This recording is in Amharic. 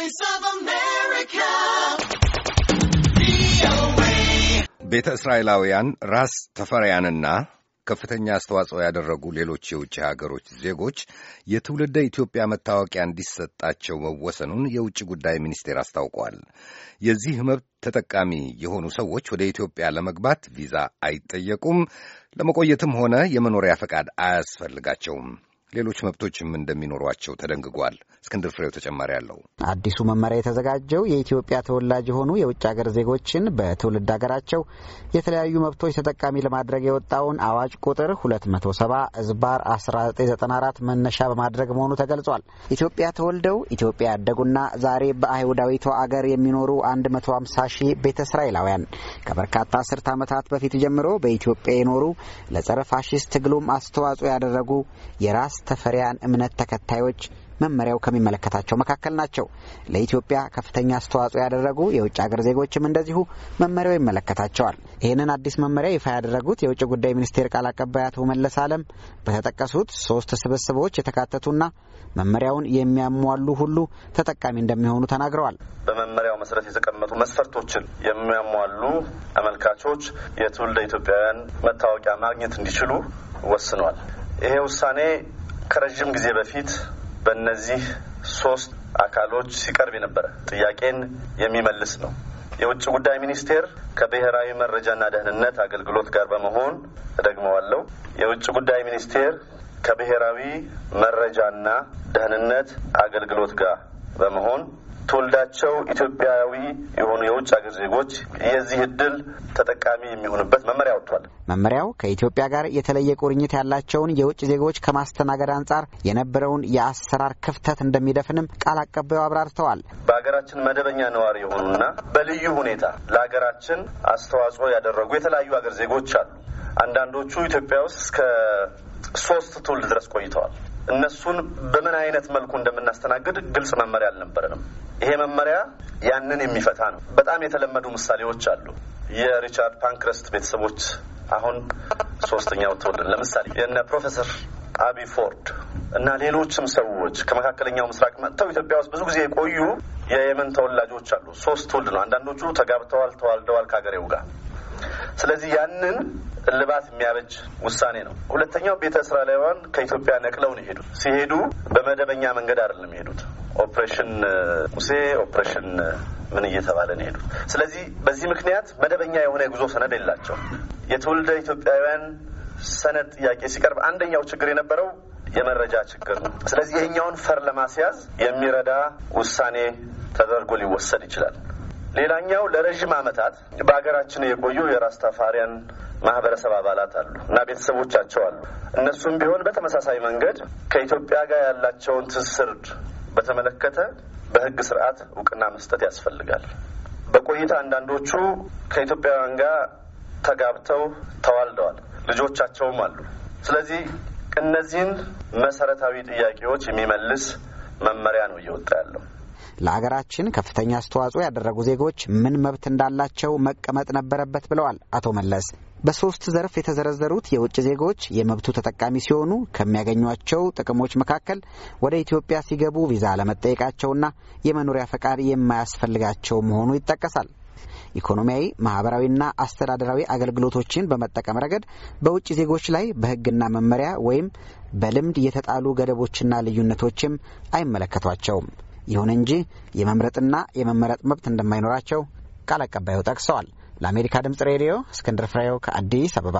Voice ቤተ እስራኤላውያን ራስ ተፈሪያንና ከፍተኛ አስተዋጽኦ ያደረጉ ሌሎች የውጭ ሀገሮች ዜጎች የትውልደ ኢትዮጵያ መታወቂያ እንዲሰጣቸው መወሰኑን የውጭ ጉዳይ ሚኒስቴር አስታውቋል። የዚህ መብት ተጠቃሚ የሆኑ ሰዎች ወደ ኢትዮጵያ ለመግባት ቪዛ አይጠየቁም፣ ለመቆየትም ሆነ የመኖሪያ ፈቃድ አያስፈልጋቸውም። ሌሎች መብቶችም እንደሚኖሯቸው ተደንግጓል። እስክንድር ፍሬው ተጨማሪ አለው። አዲሱ መመሪያ የተዘጋጀው የኢትዮጵያ ተወላጅ የሆኑ የውጭ ሀገር ዜጎችን በትውልድ ሀገራቸው የተለያዩ መብቶች ተጠቃሚ ለማድረግ የወጣውን አዋጅ ቁጥር 270 እዝባር 1994 መነሻ በማድረግ መሆኑ ተገልጿል። ኢትዮጵያ ተወልደው ኢትዮጵያ ያደጉና ዛሬ በአይሁዳዊቷ አገር የሚኖሩ 150 ሺህ ቤተ እስራኤላውያን ከበርካታ አስርት ዓመታት በፊት ጀምሮ በኢትዮጵያ የኖሩ ለጸረ ፋሽስት ትግሉም አስተዋጽኦ ያደረጉ የራስ ተፈሪያን እምነት ተከታዮች መመሪያው ከሚመለከታቸው መካከል ናቸው። ለኢትዮጵያ ከፍተኛ አስተዋጽኦ ያደረጉ የውጭ ሀገር ዜጎችም እንደዚሁ መመሪያው ይመለከታቸዋል። ይህንን አዲስ መመሪያ ይፋ ያደረጉት የውጭ ጉዳይ ሚኒስቴር ቃል አቀባይ አቶ መለስ አለም በተጠቀሱት ሶስት ስብስቦች የተካተቱና መመሪያውን የሚያሟሉ ሁሉ ተጠቃሚ እንደሚሆኑ ተናግረዋል። በመመሪያው መሰረት የተቀመጡ መስፈርቶችን የሚያሟሉ አመልካቾች የትውልደ ኢትዮጵያውያን መታወቂያ ማግኘት እንዲችሉ ወስኗል። ይሄ ውሳኔ ከረዥም ጊዜ በፊት በእነዚህ ሶስት አካሎች ሲቀርብ የነበረ ጥያቄን የሚመልስ ነው። የውጭ ጉዳይ ሚኒስቴር ከብሔራዊ መረጃና ደህንነት አገልግሎት ጋር በመሆን እደግመዋለሁ። የውጭ ጉዳይ ሚኒስቴር ከብሔራዊ መረጃና ደህንነት አገልግሎት ጋር በመሆን ትውልዳቸው ኢትዮጵያዊ የሆኑ የውጭ ሀገር ዜጎች የዚህ እድል ተጠቃሚ የሚሆኑበት መመሪያ ወጥቷል። መመሪያው ከኢትዮጵያ ጋር የተለየ ቁርኝት ያላቸውን የውጭ ዜጎች ከማስተናገድ አንጻር የነበረውን የአሰራር ክፍተት እንደሚደፍንም ቃል አቀባዩ አብራርተዋል። በሀገራችን መደበኛ ነዋሪ የሆኑና በልዩ ሁኔታ ለሀገራችን አስተዋጽኦ ያደረጉ የተለያዩ ሀገር ዜጎች አሉ። አንዳንዶቹ ኢትዮጵያ ውስጥ እስከ ሶስት ትውልድ ድረስ ቆይተዋል። እነሱን በምን አይነት መልኩ እንደምናስተናግድ ግልጽ መመሪያ አልነበረንም። ይሄ መመሪያ ያንን የሚፈታ ነው። በጣም የተለመዱ ምሳሌዎች አሉ። የሪቻርድ ፓንክረስት ቤተሰቦች አሁን ሶስተኛው ትውልድ ለምሳሌ የነ ፕሮፌሰር አቢ ፎርድ እና ሌሎችም ሰዎች ከመካከለኛው ምስራቅ መጥተው ኢትዮጵያ ውስጥ ብዙ ጊዜ የቆዩ የየመን ተወላጆች አሉ። ሶስት ትውልድ ነው። አንዳንዶቹ ተጋብተዋል፣ ተዋልደዋል ከሀገሬው ጋር። ስለዚህ ያንን እልባት የሚያበጅ ውሳኔ ነው። ሁለተኛው ቤተ እስራኤላውያን ከኢትዮጵያ ነቅለው ነው የሄዱት። ሲሄዱ በመደበኛ መንገድ አይደለም የሄዱት። ኦፕሬሽን ሙሴ ኦፕሬሽን ምን እየተባለ ነው ሄዱት። ስለዚህ በዚህ ምክንያት መደበኛ የሆነ የጉዞ ሰነድ የላቸው። የትውልደ ኢትዮጵያውያን ሰነድ ጥያቄ ሲቀርብ አንደኛው ችግር የነበረው የመረጃ ችግር ነው። ስለዚህ ይህኛውን ፈር ለማስያዝ የሚረዳ ውሳኔ ተደርጎ ሊወሰድ ይችላል። ሌላኛው ለረዥም ዓመታት በሀገራችን የቆዩ የራስታፋሪያን ማህበረሰብ አባላት አሉ እና ቤተሰቦቻቸው አሉ። እነሱም ቢሆን በተመሳሳይ መንገድ ከኢትዮጵያ ጋር ያላቸውን ትስስር በተመለከተ በህግ ስርዓት እውቅና መስጠት ያስፈልጋል። በቆይታ አንዳንዶቹ ከኢትዮጵያውያን ጋር ተጋብተው ተዋልደዋል፣ ልጆቻቸውም አሉ። ስለዚህ እነዚህን መሰረታዊ ጥያቄዎች የሚመልስ መመሪያ ነው እየወጣ ያለው። ለሀገራችን ከፍተኛ አስተዋጽኦ ያደረጉ ዜጎች ምን መብት እንዳላቸው መቀመጥ ነበረበት ብለዋል አቶ መለስ። በሶስት ዘርፍ የተዘረዘሩት የውጭ ዜጎች የመብቱ ተጠቃሚ ሲሆኑ ከሚያገኟቸው ጥቅሞች መካከል ወደ ኢትዮጵያ ሲገቡ ቪዛ ለመጠየቃቸውና የመኖሪያ ፈቃድ የማያስፈልጋቸው መሆኑ ይጠቀሳል። ኢኮኖሚያዊ፣ ማህበራዊና አስተዳደራዊ አገልግሎቶችን በመጠቀም ረገድ በውጭ ዜጎች ላይ በሕግና መመሪያ ወይም በልምድ የተጣሉ ገደቦችና ልዩነቶችም አይመለከቷቸውም። ይሁን እንጂ የመምረጥና የመመረጥ መብት እንደማይኖራቸው ቃል አቀባዩ ጠቅሰዋል። ለአሜሪካ ድምጽ ሬዲዮ እስክንድር ፍሬው ከአዲስ አበባ